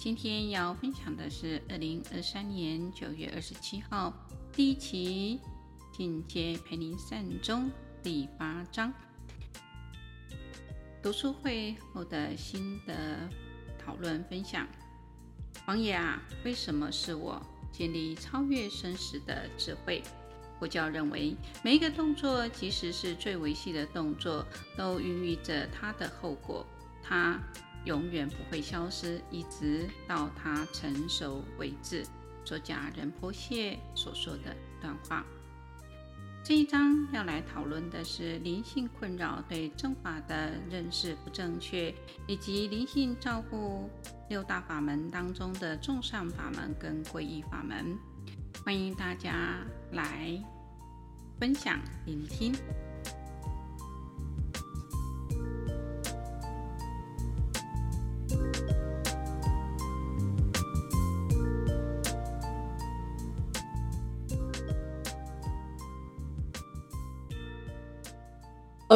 今天要分享的是二零二三年九月二十七號，第一期《進階陪您善終》第八章讀書會後的心得討論分享。王爺啊，為什麼是我？建立超越生死的智慧。佛教認為，每一個動作，即使是最微細的動作，都孕育着它的後果。它。永遠不會消失，一直到它成熟為止。索甲仁波切所說的一段話。這一章要來討論的是靈性困擾對正法的認識不正確，以及靈性照顧六大法門當中的眾善法門跟皈依法門。歡迎大家來分享聆聽，聽。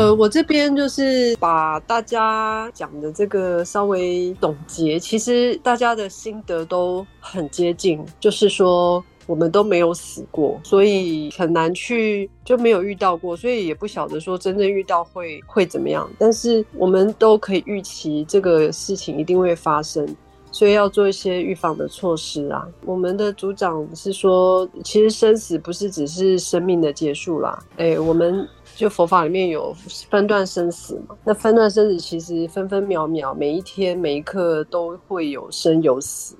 呃，我這邊就是把大家講的這個稍微總結。其實大家的心得都很接近，就是說我們都沒有死過，所以很難去就沒有遇到過，所以也不曉得說真正遇到會會怎麼樣。但是我們都可以預期這個事情一定會發生，所以要做一些預防的措施啊。我們的組長是說，其實生死不是只是生命的結束啦，誒，我們。就佛法裡面有分段生死嘛，那分段生死其實分分秒秒，每一天每一刻都會有生有死，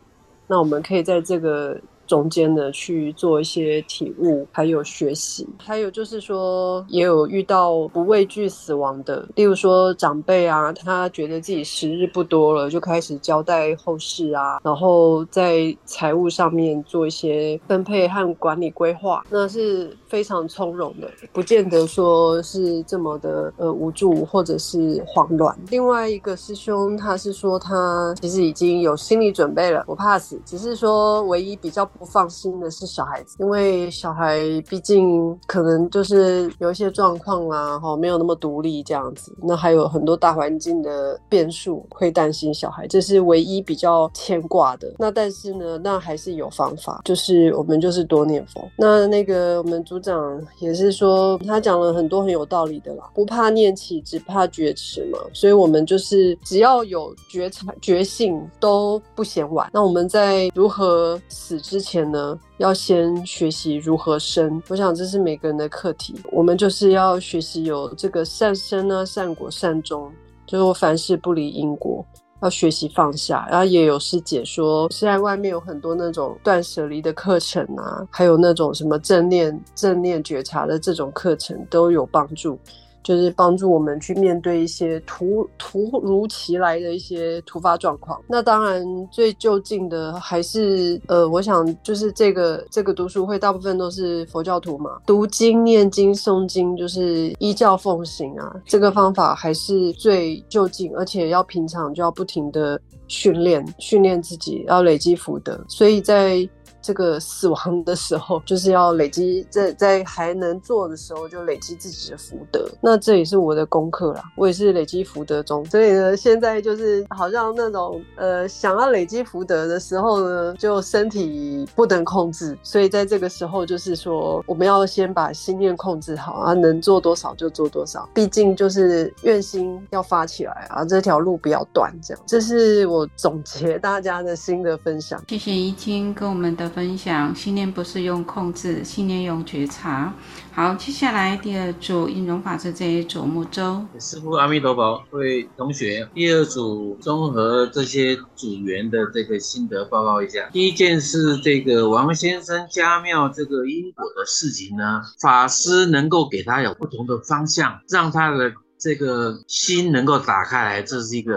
那我們可以在這個中間的去做一些體悟，還有學習，還有就是說也有遇到不畏懼死亡的，例如說長輩啊，他覺得自己時日不多了，就開始交代後事啊，然後在財務上面做一些分配和管理規劃，那是非常從容的，不見得說是這麼的呃無助或者是慌亂。另外一個師兄，他是說他其實已經有心理準備了，不怕死，只是說唯一比較。不放心的是小孩子，因為小孩畢竟可能就是有一些狀況啦，吼，沒有那麼獨立這樣子。那還有很多大環境的變數，會擔心小孩，這是唯一比較牽掛的。那但是呢，那還是有方法，就是我們就是多念佛。那那個我們組長也是說，他講了很多很有道理的啦，不怕念起，只怕覺遲嘛。所以我們就是只要有覺察、覺性，都不嫌晚。那我們在如何死之前。前呢，要先學習如何生，我想這是每個人的課題。我們就是要學習有這個善生啊、善果、善終，就是凡事不離因果，要學習放下。然後也有師姐說，現在外面有很多那種斷捨離的課程啊，還有那種什麼正念、正念覺察的這種課程都有幫助。就是幫助我們去面對一些突突如其來的一些突發狀況。那當然最究竟的還是呃，我想就是這個這個讀書會大部分都是佛教徒嘛，讀經、念經、誦經，就是依教奉行啊。這個方法還是最究竟，而且要平常就要不停的訓練，訓練自己，要累積福德。所以在這個死亡的時候，就是要累積在在還能做的時候就累積自己的福德。那這也是我的功課啦，我也是累積福德中。所以呢，現在就是好像那種呃想要累積福德的時候呢，就身體不能控制。所以在這個時候，就是說我們要先把心念控制好啊，能做多少就做多少。畢竟就是願心要發起來啊，這條路比較短。這樣，這是我總結大家的心得分享。謝謝怡清跟我們的。分享信念不是用控制，信念用覺察。好，接下來第二組，應容法師這一組木舟。師父阿彌陀佛，各位同學，第二組綜合這些組員的這個心得報告一下。第一件事，這個王先生家廟這個因果的事情呢，法師能夠給他有不同的方向，讓他的。這個心能夠打開來，這是一個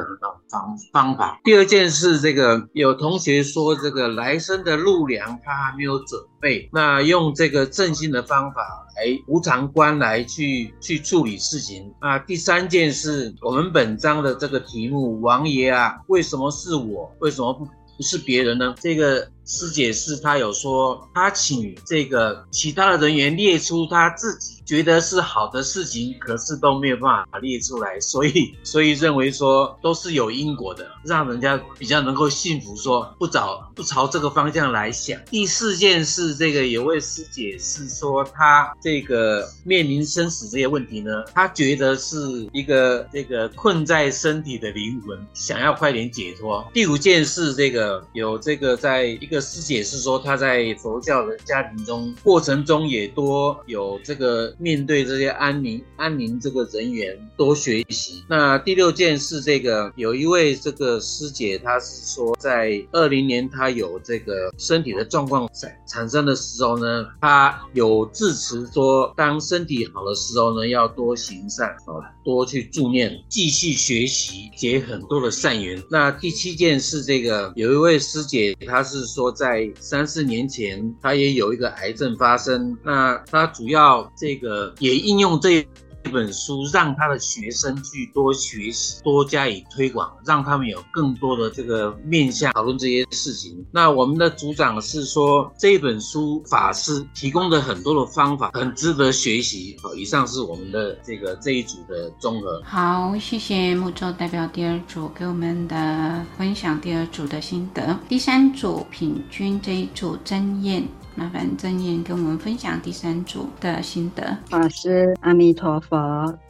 方方法。第二件事，這個有同學說，這個來生的路糧他還沒有準備，那用這個正心的方法，哎，無常觀來去去處理事情。啊，第三件事，我們本章的這個題目，王爺啊，為什麼是我，為什麼不不是別人呢？這個師姐是他有說，他請這個其他的人員列出他自己。覺得是好的事情，可是都沒有辦法列出來，所以所以認為說都是有因果的，讓人家比較能夠信服，說不找不朝這個方向來想。第四件事，這個有位師姐是說她這個面臨生死這些問題呢，她覺得是一個這個困在身體的靈魂，想要快點解脫。第五件事，這個有這個在一個師姐是說她在佛教的家庭中過程中也多有這個。面對這些安寧安寧這個人員多學習。那第六件是這個，有一位這個師姐，她是說在二零年她有這個身體的狀況產產生的時候呢，她有自持說，當身體好的時候呢，要多行善。好了，多去助念，繼續學習，結很多的善緣。那第七件是這個，有一位師姐，她是說在三四年前她也有一個癌症發生，那她主要這個。呃，也應用這一本書，讓他的學生去多學習、多加以推廣，讓他們有更多的這個面向討論這些事情。那我們的組長是說，這一本書法師提供的很多的方法很值得學習。好，以上是我們的這個這一組的綜合。好，謝謝木舟代表第二組給我們的分享，第二組的心得。第三組平均，這一組真艷。麻煩鄭燕跟我們分享第三組的心得。法師，阿彌陀佛，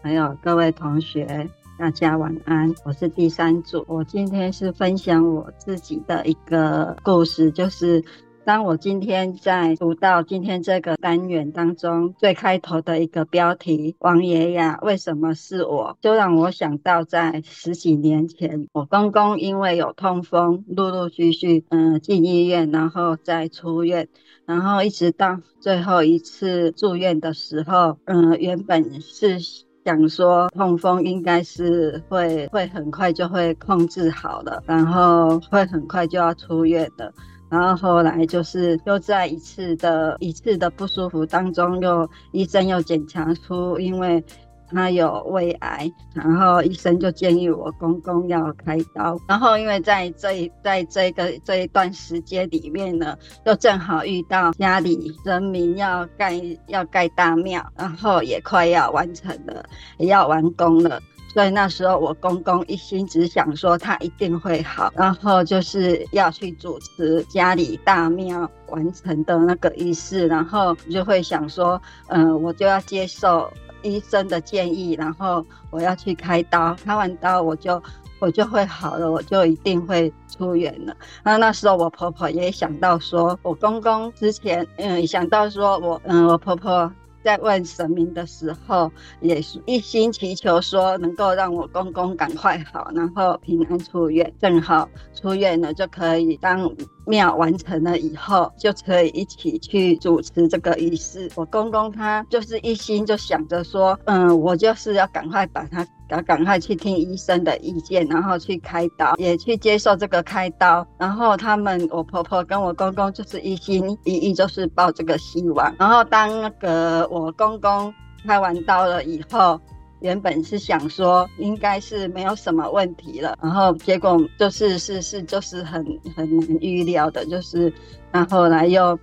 還有各位同學，大家晚安。我是第三組，我今天是分享我自己的一個故事，就是。當我今天在讀到今天這個單元當中最開頭的一個標題“王爺啊，為什麼是我？”就讓我想到在十幾年前，我公公因為有痛風，陸陸續續嗯、呃、進醫院，然後再出院，然後一直到最後一次住院的時候，嗯、呃，原本是想說痛風應該是會會很快就會控制好了，然後會很快就要出院的。然後後來就是又在一次的一次的不舒服當中，又醫生又檢查出，因為他有胃癌，然後醫生就建議我公公要開刀。然後因為在這一在這一個這一段時間裡面呢，又正好遇到家裡人民要蓋要蓋大廟，然後也快要完成了，也要完工了。所以那時候我公公一心只想說他一定會好，然後就是要去主持家裡大廟完成的那個儀式，然後就會想說，嗯、呃，我就要接受醫生的建議，然後我要去開刀，開完刀我就我就會好了，我就一定會出院了。那那時候我婆婆也想到說，我公公之前，嗯，想到說我，嗯，我婆婆。在問神明的時候，也是一心祈求說，能夠讓我公公趕快好，然後平安出院，正好出院了就可以當廟完成了以後，就可以一起去主持這個儀式。我公公他就是一心就想着說，嗯，我就是要趕快把他趕趕快去聽醫生的意見，然後去開刀，也去接受這個開刀。然後他們，我婆婆跟我公公就是一心一意，就是抱這個希望。然後當那個我公公開完刀了以後，原本是想說應該是沒有什麼問題了，然後結果就是是是就是很很難預料的，就是然後來又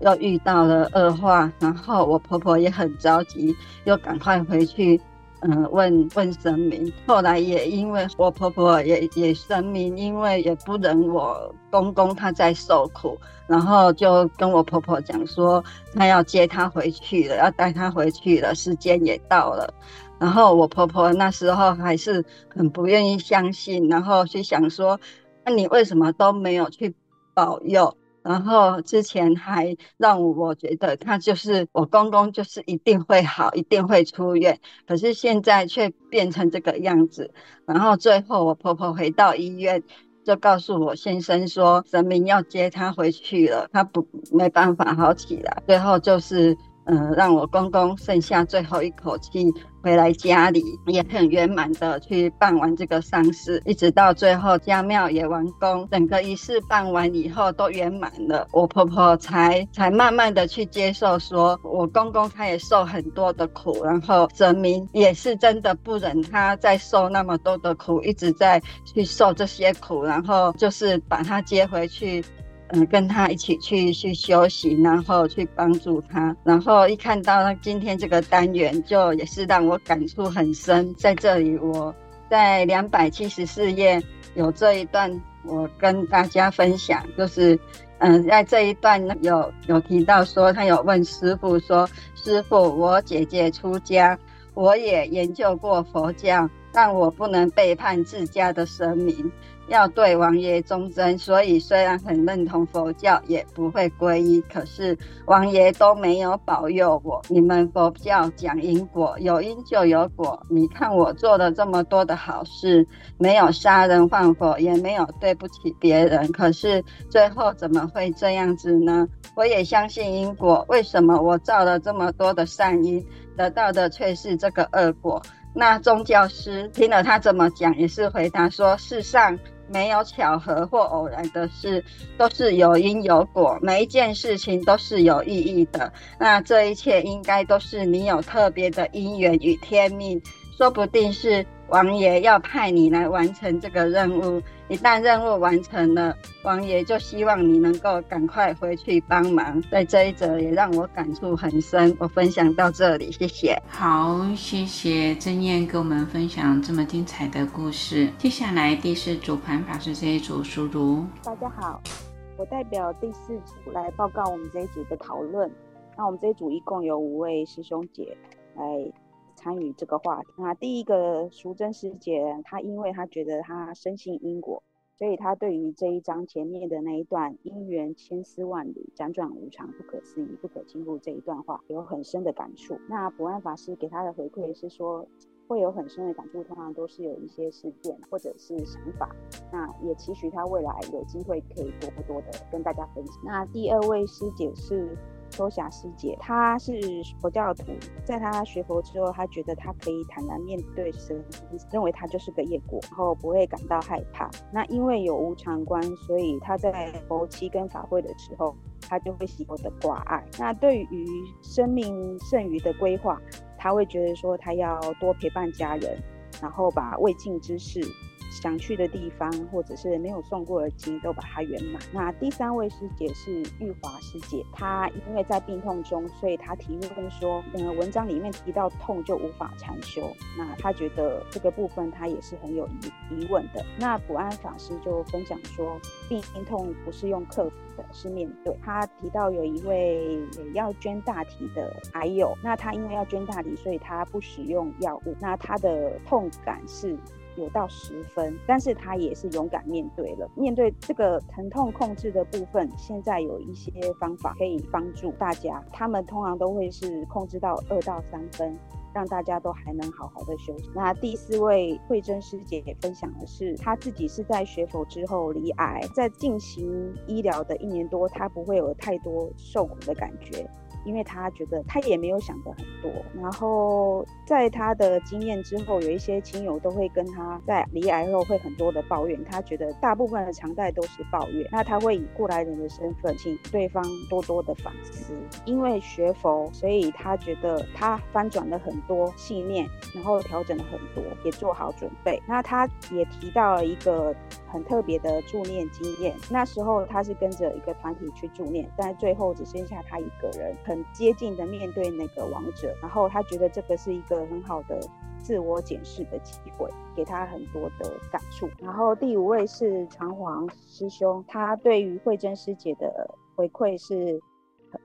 又遇到了惡化，然後我婆婆也很着急，又趕快回去嗯、呃、問問神明。後來也因為我婆婆也也神明，因為也不忍我公公他在受苦，然後就跟我婆婆講說他要接他回去了，要帶他回去了，時間也到了。然後我婆婆那時候還是很不願意相信，然後去想說，那你為什麼都沒有去保佑？然後之前還讓我覺得他就是我公公，就是一定會好，一定會出院。可是現在卻變成這個樣子。然後最後我婆婆回到醫院，就告訴我先生說，神明要接他回去了，他不沒辦法好起來。最後就是。嗯、呃，讓我公公剩下最後一口氣回來家裡，也很圓滿的去辦完這個喪事，一直到最後家廟也完工，整個儀式辦完以後都圓滿了，我婆婆才才慢慢的去接受說，說我公公他也受很多的苦，然後神明也是真的不忍他再受那麼多的苦，一直在去受這些苦，然後就是把他接回去。嗯，跟他一起去去修行，然後去幫助他。然後一看到今天這個單元，就也是讓我感觸很深。在這裡我，我在兩百七十四頁有這一段，我跟大家分享，就是嗯，在這一段呢，有有提到說，他有問師父說：“師父，我姐姐出家，我也研究過佛教，但我不能背叛自家的神明。”要對王爺忠貞，所以雖然很認同佛教，也不會皈依。可是王爺都沒有保佑我。你們佛教講因果，有因就有果。你看我做了這麼多的好事，沒有殺人放火，也沒有對不起別人，可是最後怎麼會這樣子呢？我也相信因果，為什麼我造了這麼多的善因，得到的卻是這個惡果？那宗教師聽了他這麼講，也是回答說：世上沒有巧合或偶然的事，都是有因有果，每一件事情都是有意義的。那這一切應該都是你有特別的因緣與天命，說不定是。王爺要派你來完成這個任務，一旦任務完成了，王爺就希望你能夠趕快回去幫忙。在這一則也讓我感觸很深，我分享到這裡，謝謝。好，謝謝曾燕跟我們分享這麼精彩的故事。接下來第四組盤法師這一組，熟讀。大家好，我代表第四組來報告我們這一組的討論。那我們這一組一共有五位師兄姐來。參與這個話題，那第一個淑貞師姐，她因為她覺得她深信因果，所以她對於這一章前面的那一段因緣千絲萬縷、輾轉無常、不可思議、不可輕忽這一段話有很深的感觸。那普安法師給她的回饋是說，會有很深的感觸，通常都是有一些事件或者是想法。那也期許她未來有機會可以多不多的跟大家分享。那第二位師姐是。秋霞師姐，她是佛教徒，在她學佛之後，她覺得她可以坦然面對生命，認為她就是個業果，然後不會感到害怕。那因為有無常觀，所以她在佛七跟法會的時候，她就會習有的掛礙。那對於生命剩餘的規劃，她會覺得說，她要多陪伴家人，然後把未盡之事，想去的地方，或者是沒有送過的經，都把它圓滿。那第三位師姐是玉華師姐，她因為在病痛中，所以她提問說：“嗯，文章裡面提到痛就無法禪修，那她覺得這個部分她也是很有疑疑問的。”那普安法師就分享說：“病痛不是用克服的，是面對。”他提到有一位也要捐大體的癌友，那他因為要捐大體，所以他不使用藥物，那他的痛感是。有到十分，但是他也是勇敢面對了。面對這個疼痛控制的部分，現在有一些方法可以幫助大家。他們通常都會是控制到二到三分，讓大家都還能好好的休息。那第四位慧珍師姐分享的是，她自己是在學佛之後罹癌，在進行醫療的一年多，她不會有太多受苦的感覺。因為他覺得他也沒有想的很多，然後在他的經驗之後，有一些親友都會跟他，在罹癌後會很多的抱怨。他覺得大部分的常態都是抱怨，那他會以過來人的身份，請對方多多的反思。因為學佛，所以他覺得他翻轉了很多信念，然後調整了很多，也做好準備。那他也提到了一個很特別的助念經驗，那時候他是跟着一個團體去助念，但最後只剩下他一個人。很接近的面對那個王者，然後他覺得這個是一個很好的自我檢視的機會，給他很多的感觸。然後第五位是長皇師兄，他對於慧真師姐的回饋是，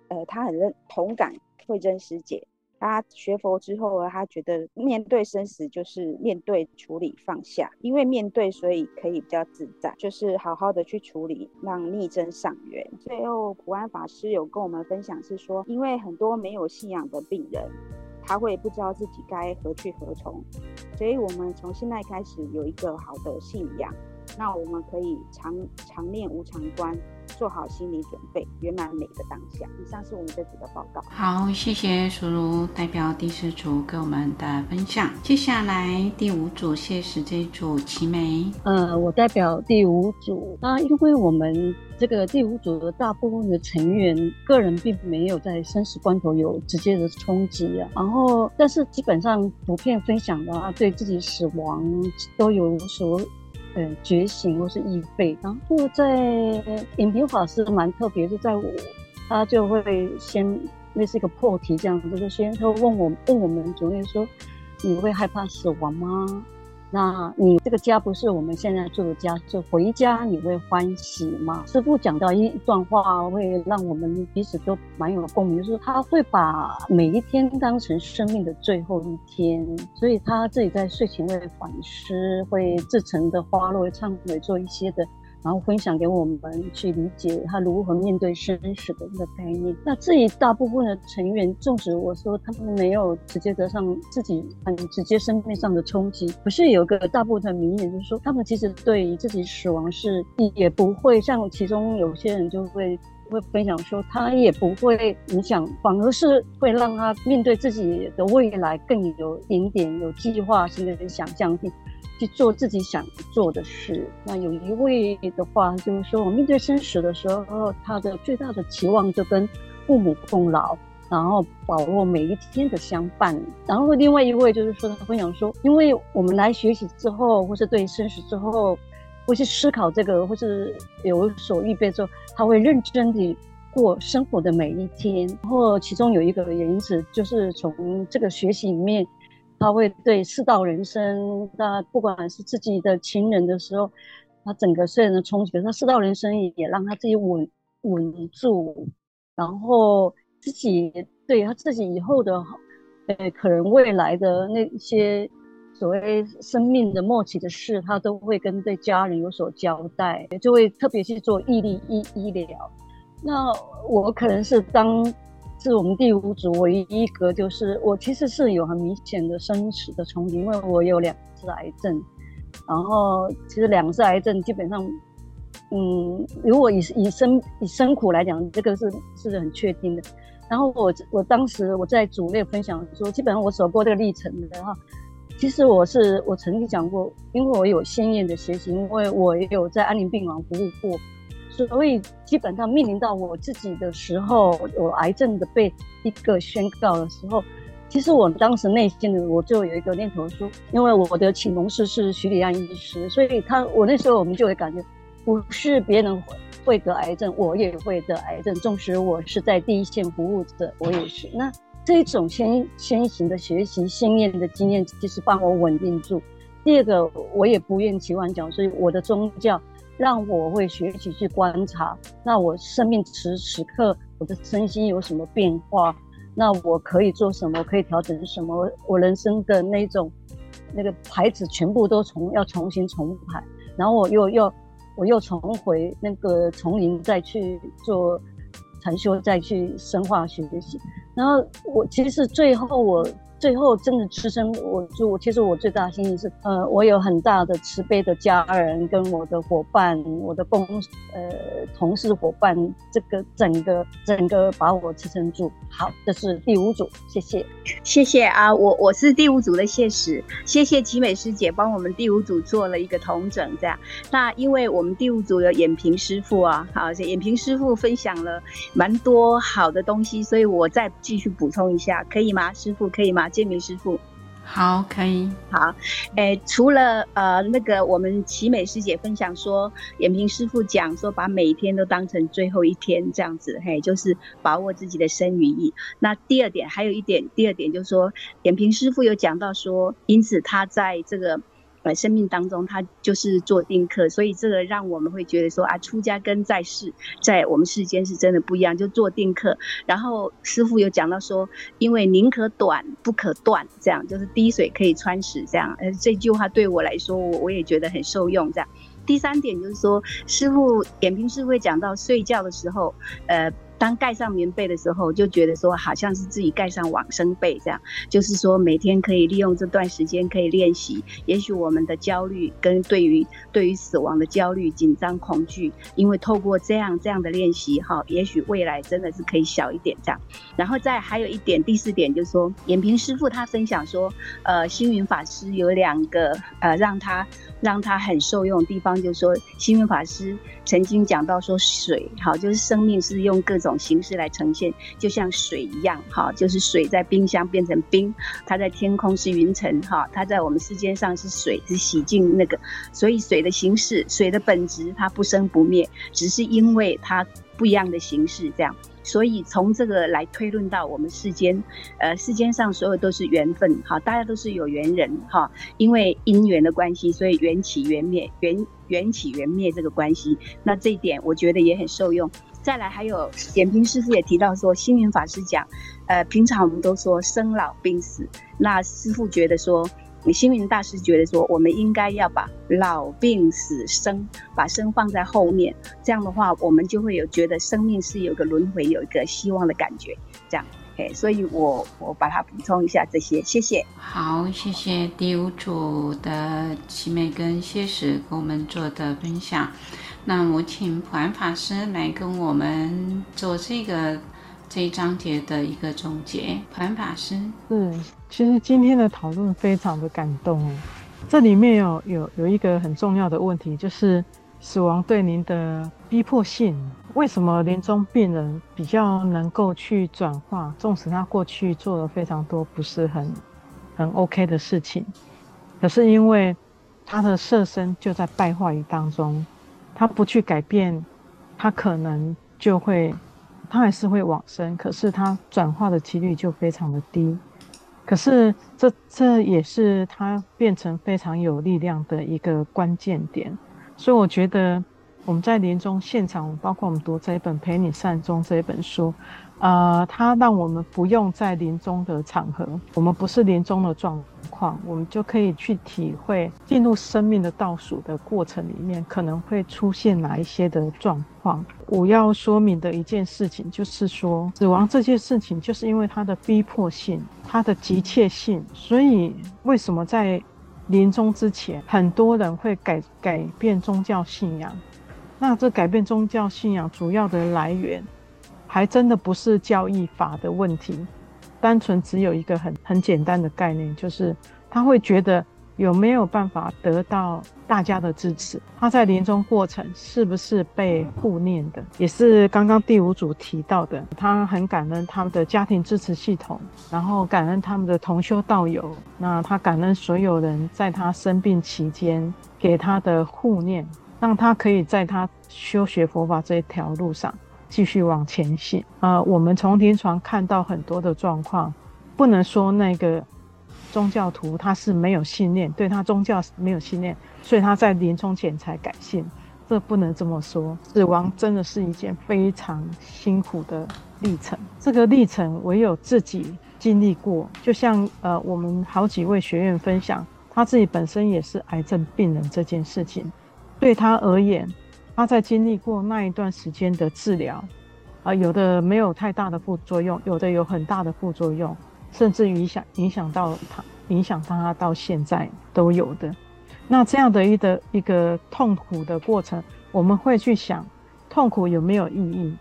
呃，他很認同感慧真師姐。他學佛之後，他覺得面對生死就是面對、處理、放下，因為面對所以可以比較自在，就是好好的去處理，讓逆增上緣。最後，古安法師有跟我們分享是說，因為很多沒有信仰的病人，他會不知道自己該何去何從，所以我們從現在開始有一個好的信仰。那我們可以常常念無常觀，做好心理準備，圓滿每個當下。以上是我們這組的報告。好，謝謝叔叔代表第四組給我們的分享。接下來第五組，謝謝這一組齊眉。呃，我代表第五組。那、啊、因為我們這個第五組的大部分的成員，個人並沒有在生死關頭有直接的衝擊啊。然後，但是基本上圖片分享的話，對自己死亡都有所。呃，覺醒或是意備。然後就在影平法師蠻特別的，是在我他就會先類似一個破題這樣子，就是先他會問我問我們昨天說：“你會害怕死亡嗎？”那你這個家不是我們現在住的家，就回家你會歡喜嗎？師父講到一段話，會讓我們彼此都蠻有共鳴，就是他會把每一天當成生命的最後一天，所以他自己在睡前會反思，會自成的花落懺悔做一些的。然後分享給我們去理解，他如何面對生死的一個概念。那至於大部分的成員，縱使我說他們沒有直接得上自己很直接生命上的衝擊，可是有一個大部分的名言就是說，他們其實對於自己死亡是也不會像其中有些人就會會分享說，他也不會影響，反而是會讓他面對自己的未來更有點點有計劃性的想象力。去做自己想做的事。那有一位的話，就是說我面對生死的時候，他的最大的期望就跟父母共老，然後把握每一天的相伴。然後另外一位就是說，他分享說，因為我們來學習之後，或是對生死之後，或是思考這個，或是有所預備之後，他會認真地過生活的每一天。然後其中有一個原因是，就是從這個學習裡面。他會對世道人生，那不管是自己的親人的時候，他整個雖然的衝擊，他世道人生也讓他自己穩穩住，然後自己對他自己以後的，呃，可能未來的那些所謂生命的末期的事，他都會跟對家人有所交代，就會特別去做預立醫醫療。那我可能是當。是我們第五組唯一一個，就是我其實是有很明顯的生死的衝擊，因為我有兩次癌症，然後其實兩次癌症基本上，嗯，如果以以生以生苦來講，這個是是很確定的。然後我我當時我在組內分享的時候，基本上我走過這個歷程的哈，其實我是我曾經講過，因為我有先驗的學習，因為我也有在安寧病房服務過。所以基本上面臨到我自己的時候，我癌症的被一個宣告的時候，其實我當時內心的我就有一個念頭說，因為我的啟蒙師是許禮安醫師，所以他我那時候我們就會感覺，不是別人會得癌症，我也會得癌症。縱使我是在第一線服務者，我也是。那這一種先先行的學習、信念的經驗，其實幫我穩定住。第二個我也不願起亂講，所以我的宗教。讓我會學習去觀察，那我生命此時此刻我的身心有什麼變化？那我可以做什麼？可以調整什麼？我人生的那種那個牌子全部都重要重新重排，然後我又又我又重回那個叢林再去做禪修，再去深化學習，然後我其實最後我。最後真的支撐我住，就其實我最大的幸運是，呃，我有很大的慈悲的家人跟我的夥伴，我的公，呃，同事夥伴，這個整個整個把我支撐住。好，這是第五組，謝謝，謝謝啊，我我是第五組的謝師，謝謝齊美師姐幫我們第五組做了一個統整，這樣。那因為我們第五組有眼平師父啊，好，眼平師父分享了蠻多好的東西，所以我再繼續補充一下，可以嗎？師父，可以嗎？建明師傅，好，可以，好，哎、欸，除了呃，那個我們齊美師姐分享說，點評師傅講說，把每一天都當成最後一天這樣子，嘿，就是把握自己的身語意。那第二點，還有一點，第二點就是說，點評師傅有講到說，因此他在這個。呃，生命當中他就是做定課，所以這個讓我們會覺得說啊，出家跟在世在我們世間是真的不一樣，就做定課。然後師父有講到說，因為寧可短不可斷，這樣就是滴水可以穿石這樣。呃，這句話對我來說，我我也覺得很受用這樣。第三點就是說，師父點評是會講到睡覺的時候，呃。當蓋上棉被的時候，就覺得說好像是自己蓋上往生被這樣，就是說每天可以利用這段時間可以練習。也許我們的焦慮跟對於對於死亡的焦慮、緊張、恐懼，因為透過這樣這樣的練習，哈，也許未來真的是可以小一點這樣。然後再還有一點，第四點就是說，閆平師傅他分享說，呃，星雲法師有兩個呃讓他讓他很受用的地方，就是說星雲法師曾經講到說水，好，就是生命是用各種。形式來呈現，就像水一樣，哈，就是水在冰箱變成冰，它在天空是雲層，哈，它在我們世間上是水，是洗淨那個，所以水的形式，水的本質，它不生不滅，只是因為它不一樣的形式這樣，所以從這個來推論到我們世間，呃，世間上所有都是緣分，哈，大家都是有緣人，哈，因為因緣的關係，所以緣起緣滅，緣緣起緣滅這個關係，那這一點我覺得也很受用。再來，還有點評師傅也提到說，星雲法師講，呃，平常我們都說生老病死，那師傅覺得說，星雲大師覺得說，我們應該要把老病死生，把生放在後面，這樣的話，我們就會有覺得生命是有個輪迴，有一個希望的感覺，這樣。誒、okay，所以我我把它補充一下這些，謝謝。好，謝謝第五組的奇美跟謝石給我們做的分享。那我請普安法師來跟我們做這個這一章節的一個總結。普安法師，嗯，其實今天的討論非常的感動哦。這裡面有有有一個很重要的問題，就是死亡對您的逼迫性。為什麼臨終病人比較能夠去轉化？縱使他過去做了非常多不是很很 OK 的事情，可是因為他的色身就在敗壞當中。他不去改變，他可能就會，他還是會往生，可是他轉化的幾率就非常的低。可是這這也是他變成非常有力量的一個關鍵點。所以我覺得我們在臨終現場，包括我們讀這一本《陪你善終》這一本書。呃，它讓我們不用在臨終的場合，我們不是臨終的狀況，我們就可以去體會進入生命的倒數的過程裡面可能會出現哪一些的狀況。我要說明的一件事情就是說，死亡這件事情就是因為它的逼迫性，它的急切性，所以為什麼在臨終之前，很多人會改改變宗教信仰？那這改變宗教信仰主要的來源。還真的不是教義法的問題，單純只有一個很很簡單的概念，就是他會覺得有沒有辦法得到大家的支持？他在臨終過程是不是被護念的？也是剛剛第五組提到的，他很感恩他們的家庭支持系統，然後感恩他們的同修道友。那他感恩所有人在他生病期間給他的護念，讓他可以在他修學佛法這一條路上，繼續往前行，啊，呃，我們從臨床看到很多的狀況，不能說那個宗教徒他是沒有信念，對他宗教沒有信念，所以他在臨終前才改信，這不能這麼說。死亡真的是一件非常辛苦的歷程，這個歷程唯有自己經歷過。就像呃，我們好幾位學員分享，他自己本身也是癌症病人這件事情，對他而言。他在經歷過那一段時間的治療，啊，有的沒有太大的副作用，有的有很大的副作用，甚至於影響影響到他，影響他到現在都有的。那這樣的一的一個痛苦的過程，我們會去想，痛苦有沒有意義？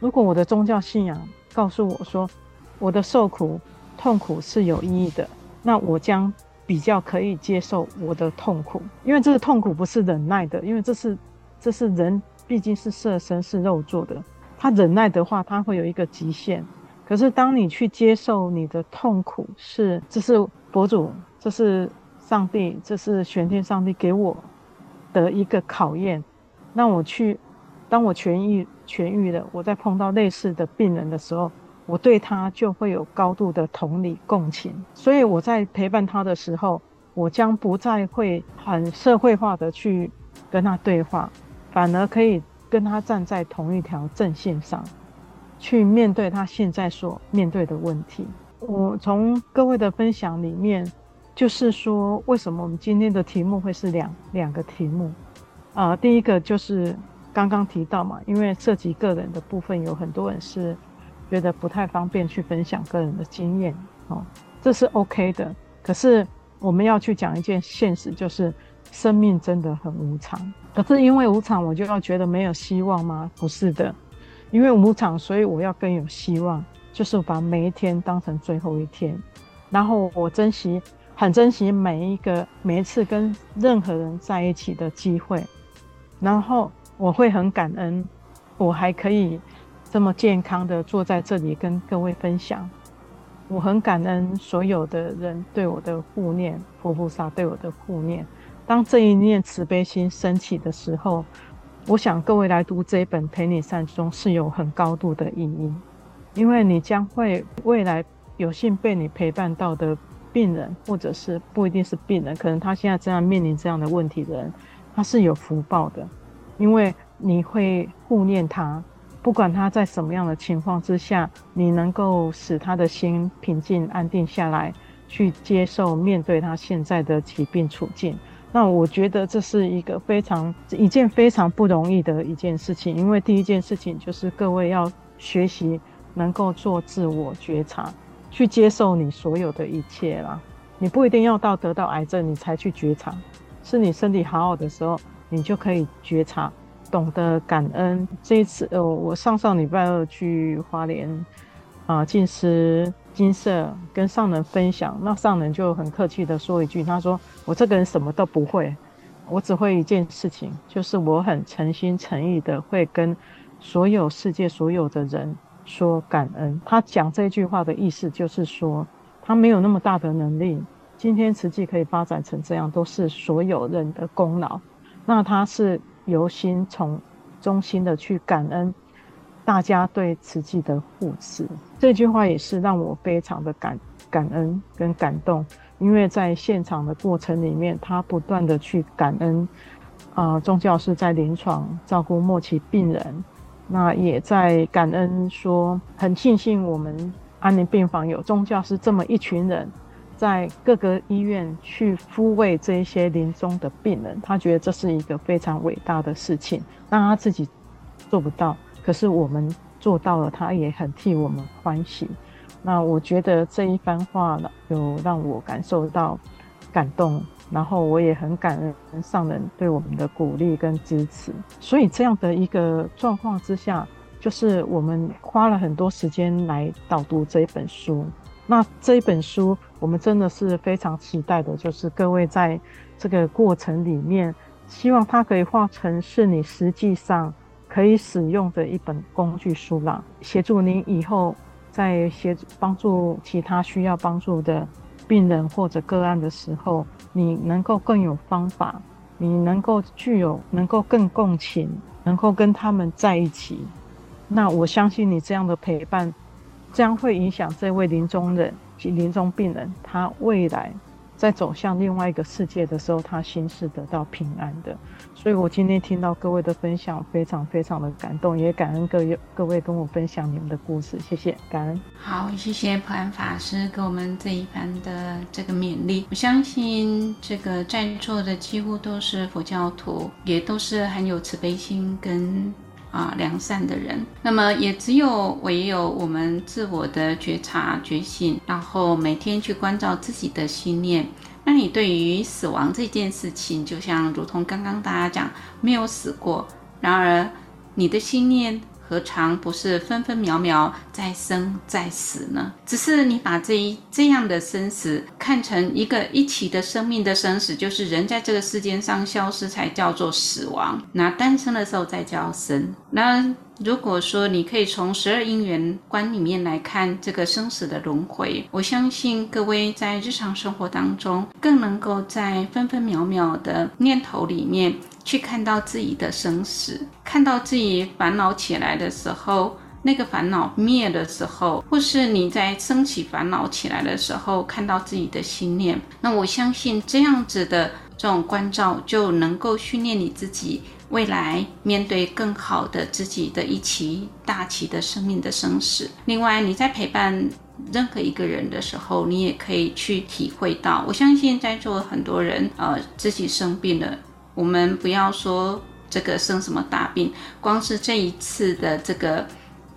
如果我的宗教信仰告訴我說，我的受苦痛苦是有意義的，那我將比較可以接受我的痛苦，因為這個痛苦不是忍耐的，因為這是。這是人，畢竟是色身，是肉做的。他忍耐的話，他會有一個極限。可是，當你去接受你的痛苦是，是這是佛祖，這是上帝，這是玄天上帝給我的一個考驗，讓我去。當我痊癒痊癒了，我再碰到類似的病人的時候，我對他就會有高度的同理共情。所以，我在陪伴他的時候，我將不再會很社會化的去跟他對話。反而可以跟他站在同一條陣線上，去面對他現在所面對的問題。我從各位的分享裡面，就是說為什麼我們今天的題目會是兩兩個題目？啊、呃，第一個就是剛剛提到嘛，因為涉及個人的部分，有很多人是覺得不太方便去分享個人的經驗哦，這是 OK 的。可是我們要去講一件現實，就是。生命真的很無常，可是因為無常，我就要覺得沒有希望嗎？不是的，因為無常，所以我要更有希望，就是把每一天當成最後一天，然後我珍惜，很珍惜每一個每一次跟任何人在一起的機會，然後我會很感恩，我還可以這麼健康的坐在這裡跟各位分享，我很感恩所有的人對我的護念，佛菩薩對我的護念。當這一念慈悲心升起的時候，我想各位來讀這一本《陪你善終》是有很高度的意義，因為你將會未來有幸被你陪伴到的病人，或者是不一定是病人，可能他現在這樣面臨這樣的問題的人，他是有福報的，因為你會護念他，不管他在什麼樣的情況之下，你能夠使他的心平靜安定下來，去接受面對他現在的疾病處境。那我覺得這是一個非常一件非常不容易的一件事情，因為第一件事情就是各位要學習能夠做自我覺察，去接受你所有的一切啦。你不一定要到得到癌症你才去覺察，是你身體好好的時候，你就可以覺察，懂得感恩。這一次，呃，我上上禮拜二去花蓮啊進，呃，食。金色跟上人分享，那上人就很客氣地說一句，他說：“我這個人什麼都不會，我只會一件事情，就是我很誠心誠意的會跟所有世界所有的人說感恩。”他講這句話的意思就是說，他沒有那麼大的能力，今天慈濟可以發展成這樣，都是所有人的功勞。那他是由心從衷心的去感恩。大家對慈濟的護持，這句話也是讓我非常的感感恩跟感動，因為在現場的過程裡面，他不斷的去感恩啊、呃，宗教師在臨床照顧末期病人、嗯，那也在感恩說很慶幸，幸我們安寧病房有宗教師這麼一群人，在各個醫院去撫慰這一些臨終的病人，他覺得這是一個非常偉大的事情，但他自己做不到。可是我們做到了，他也很替我們歡喜。那我覺得這一番話呢，有讓我感受到感動，然後我也很感恩上人對我們的鼓勵跟支持。所以這樣的一個狀況之下，就是我們花了很多時間來導讀這一本書。那這一本書我們真的是非常期待的，就是各位在這個過程裡面，希望它可以化成是你實際上。可以使用的一本工具書啦，協助你以後在協助幫助其他需要幫助的病人或者個案的時候，你能夠更有方法，你能夠具有能夠更共情，能夠跟他們在一起。那我相信你這樣的陪伴，將會影響這位臨終人及臨終病人他未來。在走向另外一個世界的時候，他心是得到平安的。所以我今天聽到各位的分享，非常非常的感動，也感恩各位各位跟我分享你們的故事。謝謝，感恩。好，謝謝普安法師給我們這一番的這個勉勵。我相信這個在座的幾乎都是佛教徒，也都是很有慈悲心跟。啊，良善的人，那麼也只有唯有我們自我的覺察、覺醒，然後每天去關照自己的心念。那你對於死亡這件事情，就像如同剛剛大家講，沒有死過，然而你的心念。何嘗不是分分秒秒在生在死呢？只是你把這一這樣的生死看成一個一起的生命的生死，就是人在這個世間上消失才叫做死亡，那誕生的時候再叫生。那如果說你可以從十二因緣觀裡面來看這個生死的輪迴，我相信各位在日常生活當中，更能夠在分分秒秒的念頭裡面。去看到自己的生死，看到自己煩惱起來的時候，那個煩惱滅的時候，或是你在升起煩惱起來的時候，看到自己的心念。那我相信這樣子的這種觀照，就能夠訓練你自己未來面對更好的自己的一期大旗的生命的生死。另外，你在陪伴任何一個人的時候，你也可以去體會到。我相信在座很多人，呃，自己生病了。我們不要說這個生什麼大病，光是這一次的這個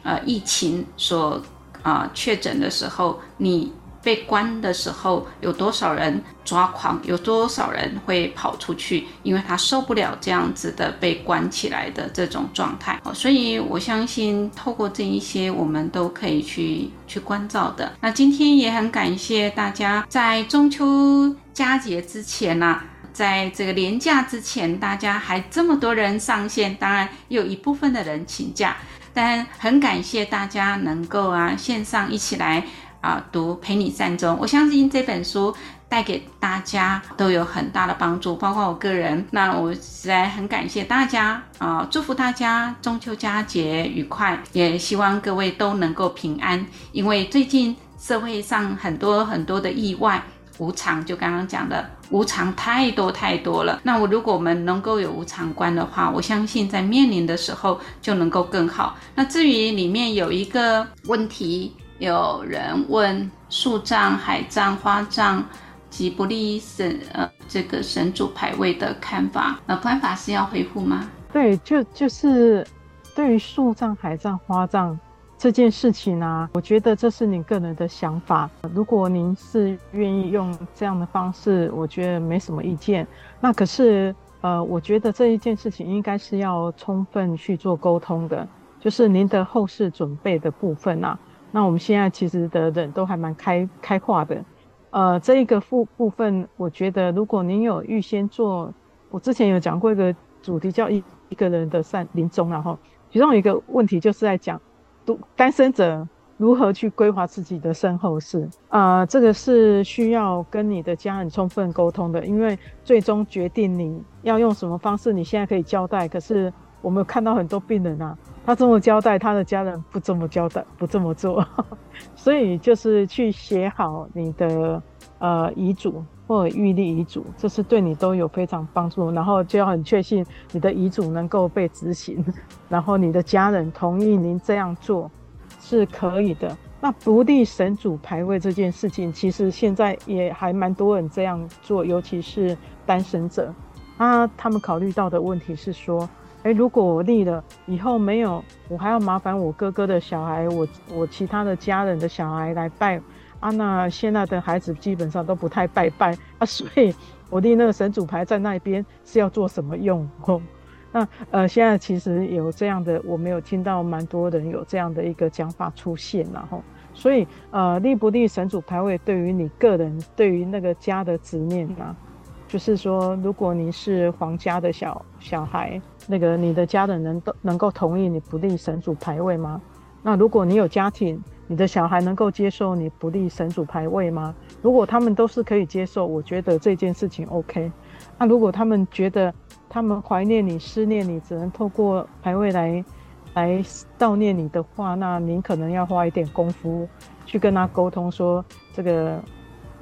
呃疫情所啊、呃、確診的時候，你被關的時候，有多少人抓狂？有多少人會跑出去？因為他受不了這樣子的被關起來的這種狀態。好，所以我相信，透過這一些，我們都可以去去關照的。那今天也很感謝大家在中秋佳節之前吶、啊。在這個連假之前，大家還這麼多人上線，當然也有一部分的人請假，但很感謝大家能夠啊線上一起來啊、呃、讀《陪你善終》，我相信這本書帶給大家都有很大的幫助，包括我個人。那我實在很感謝大家啊、呃，祝福大家中秋佳節愉快，也希望各位都能夠平安，因為最近社會上很多很多的意外。無常就剛剛講的無常太多太多了。那我如果我們能夠有無常觀的話，我相信在面臨的時候就能夠更好。那至於裡面有一個問題，有人問樹葬、海葬、花葬及不立神呃這個神主牌位的看法，呃觀法是要回復嗎？對，就就是對於樹葬、海葬、花葬。這件事情呢、啊，我覺得這是您個人的想法。如果您是願意用這樣的方式，我覺得沒什麼意見。那可是，呃，我覺得這一件事情應該是要充分去做溝通的，就是您的後事準備的部分啊。那我們現在其實的人都還蠻開開化的，呃，這一個副部分，我覺得如果您有預先做，我之前有講過一個主題，叫一一個人的善臨終，然後其中有一個問題就是在講。單身者如何去規劃自己的身後事啊？呃，這個是需要跟你的家人充分溝通的，因為最終決定你要用什麼方式。你現在可以交代，可是我們看到很多病人啊，他這麼交代，他的家人不這麼交代，不這麼做。 所以就是去寫好你的呃遺囑。或預立遺囑，這是對你都有非常幫助。然後就要很確信你的遺囑能夠被執行，然後你的家人同意您這樣做是可以的。那不立神主牌位這件事情，其實現在也還蠻多人這樣做，尤其是單身者他，他們考慮到的問題是說，誒，如果我立了以後沒有，我還要麻煩我哥哥的小孩，我我其他的家人的小孩來拜。啊，那現在的孩子基本上都不太拜拜啊，所以我立那個神主牌在那邊是要做什麼用？吼，那呃，現在其實有這樣的，我沒有聽到蠻多人有這樣的一個講法出現，然後，所以呃，立不立神主牌位對於你個人，對於那個家的執念啊、嗯，就是說，如果你是皇家的小小孩，那個你的家人能能夠同意你不立神主牌位嗎？那如果你有家庭，你的小孩能夠接受你不立神主牌位嗎？如果他們都是可以接受，我覺得這件事情 OK。那、啊、如果他們覺得他們懷念你、思念你，只能透過牌位來來悼念你的話，那您可能要花一點功夫去跟他溝通說，說這個，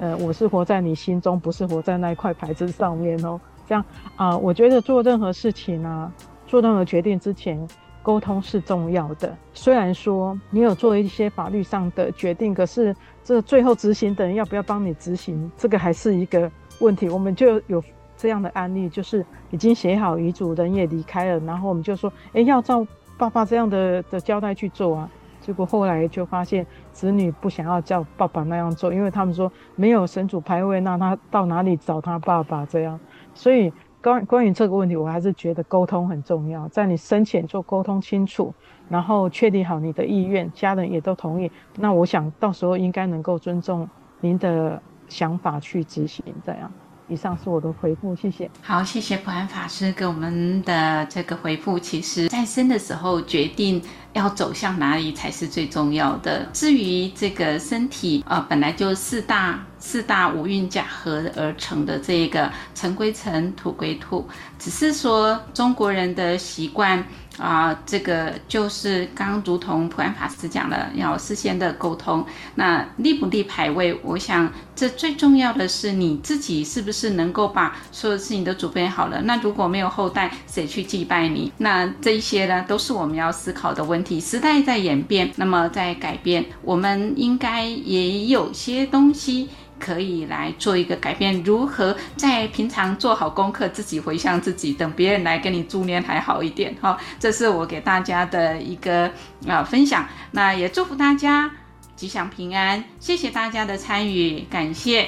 呃，我是活在你心中，不是活在那一塊牌子上面哦。這樣啊，我覺得做任何事情啊，做任何決定之前，溝通是重要的。雖然說你有做一些法律上的決定，可是這最後執行的人要不要幫你執行，這個還是一個問題。我們就有這樣的案例，就是已經寫好遺囑，人也離開了，然後我們就說，誒，要照爸爸這樣的的交代去做啊。結果後來就發現，子女不想要叫爸爸那樣做，因為他們說沒有神主牌位，那他到哪裡找他爸爸這樣。所以。關關於這個問題，我還是覺得溝通很重要，在你生前做溝通清楚，然後確定好你的意願，家人也都同意，那我想到時候應該能夠尊重您的想法去執行。這樣，啊，以上是我的回復，謝謝。好，謝謝普安法師給我們的這個回復。其實，在生的時候決定要走向哪裡才是最重要的？至於這個身體啊、呃，本來就四大四大五蘊假合而成的，這個塵歸塵，土歸土，只是說中國人的習慣啊、呃，這個就是剛，剛如同普安法師講的，要事先的溝通。那立不立牌位，我想這最重要的是你自己是不是能夠把所有事情都準備好了？那如果沒有後代，誰去祭拜你？那這一些呢，都是我們要思考的問題。體時代在演變，那麼在改變，我們應該也有些東西可以來做一個改變。如何在平常做好功課，自己回向自己，等別人來跟你助念還好一點哈、哦。這是我給大家的一個啊、呃、分享，那也祝福大家吉祥平安。謝謝大家的參與，感謝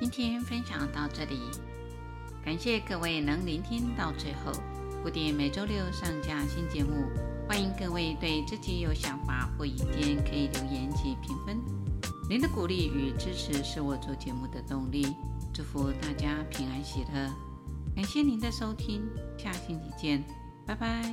今天分享到這裡，感謝各位能聆聽到最後。固定每週六上架新節目。歡迎各位對自己有想法或意見，可以留言及評分。您的鼓勵與支持是我做節目的動力。祝福大家平安喜樂，感謝您的收聽，下星期見，拜拜。